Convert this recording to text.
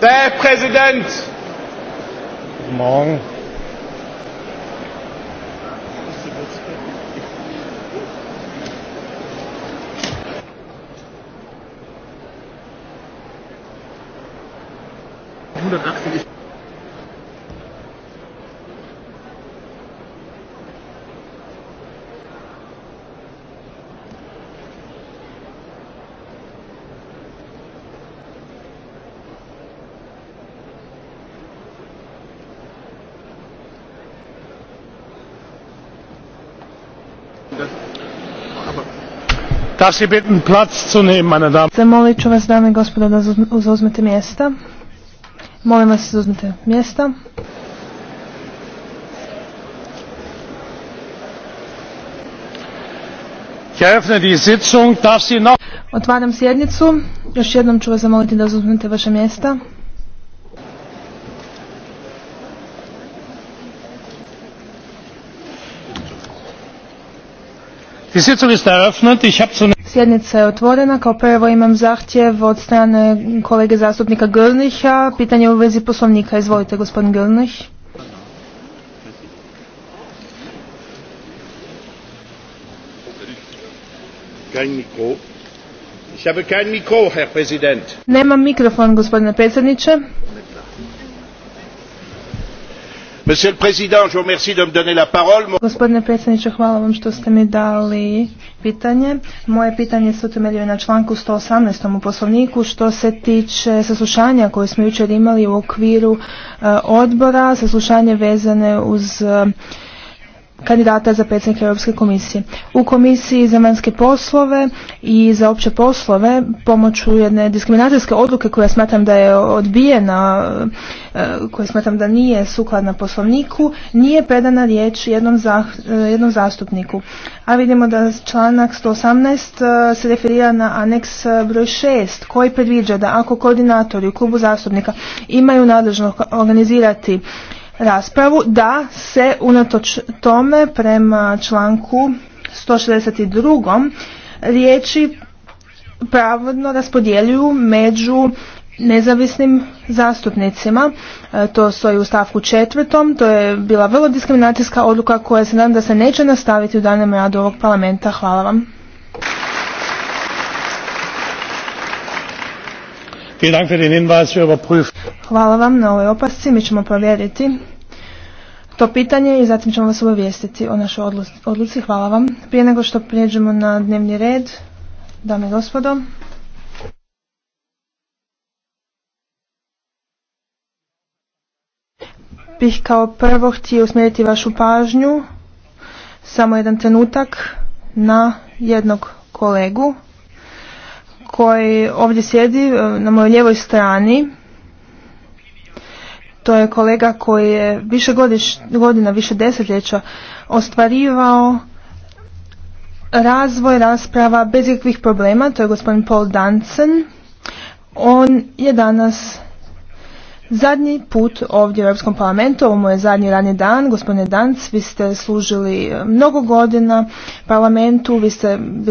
Der Präsident. Morgen. Zamolit ću vas, dame i gospodo, da zauzmete mjesta. Molim vas, zauzmete mjesta. Otvaram sjednicu. Još jednom ću vas zamoliti da zauzmete vaše mjesta. Sjednica je otvorena. Kao prvo imam zahtjev od strane kolege zastupnika Grnića. Pitanje u vezi poslovnika. Izvolite, gospodin Grnih. Nemam mikrofon, gospodine predsjedniče. Gospodine predsjedniče, hvala vam što ste mi dali pitanje. Moje pitanje se utemeljuje na članku 118. u poslovniku što se tiče saslušanja koje smo jučer imali u okviru e, odbora, saslušanje vezane uz e, kandidata za predsjednika Europske komisije. U komisiji za vanjske poslove i za opće poslove pomoću jedne diskriminacijske odluke koja smatram da je odbijena, e, koja smatram da nije sukladna poslovniku, nije predana riječ jednom, e, jednom zastupniku. A vidimo da članak 118 e, se referira na aneks broj 6 koji predviđa da ako koordinatori u klubu zastupnika imaju nadležnost organizirati raspravu da se unatoč tome prema članku 162. riječi pravodno raspodjeljuju među nezavisnim zastupnicima. E, to stoji u stavku četvrtom. To je bila vrlo diskriminacijska odluka koja se nadam da se neće nastaviti u danem radu ovog parlamenta. Hvala vam. Hvala vam na ovoj opasci, mi ćemo provjeriti to pitanje i zatim ćemo vas obavijestiti o našoj odluci. Hvala vam. Prije nego što prijeđemo na dnevni red, dame i gospodo, bih kao prvo htio usmjeriti vašu pažnju samo jedan trenutak na jednog kolegu koji ovdje sjedi e, na mojoj lijevoj strani, to je kolega koji je više godiš, godina, više desetljeća ostvarivao razvoj rasprava bez ikakvih problema, to je gospodin Paul Dansen. On je danas zadnji put ovdje u Europskom parlamentu, ovo mu je zadnji radni dan, gospodine Danc, vi ste služili mnogo godina parlamentu, vi ste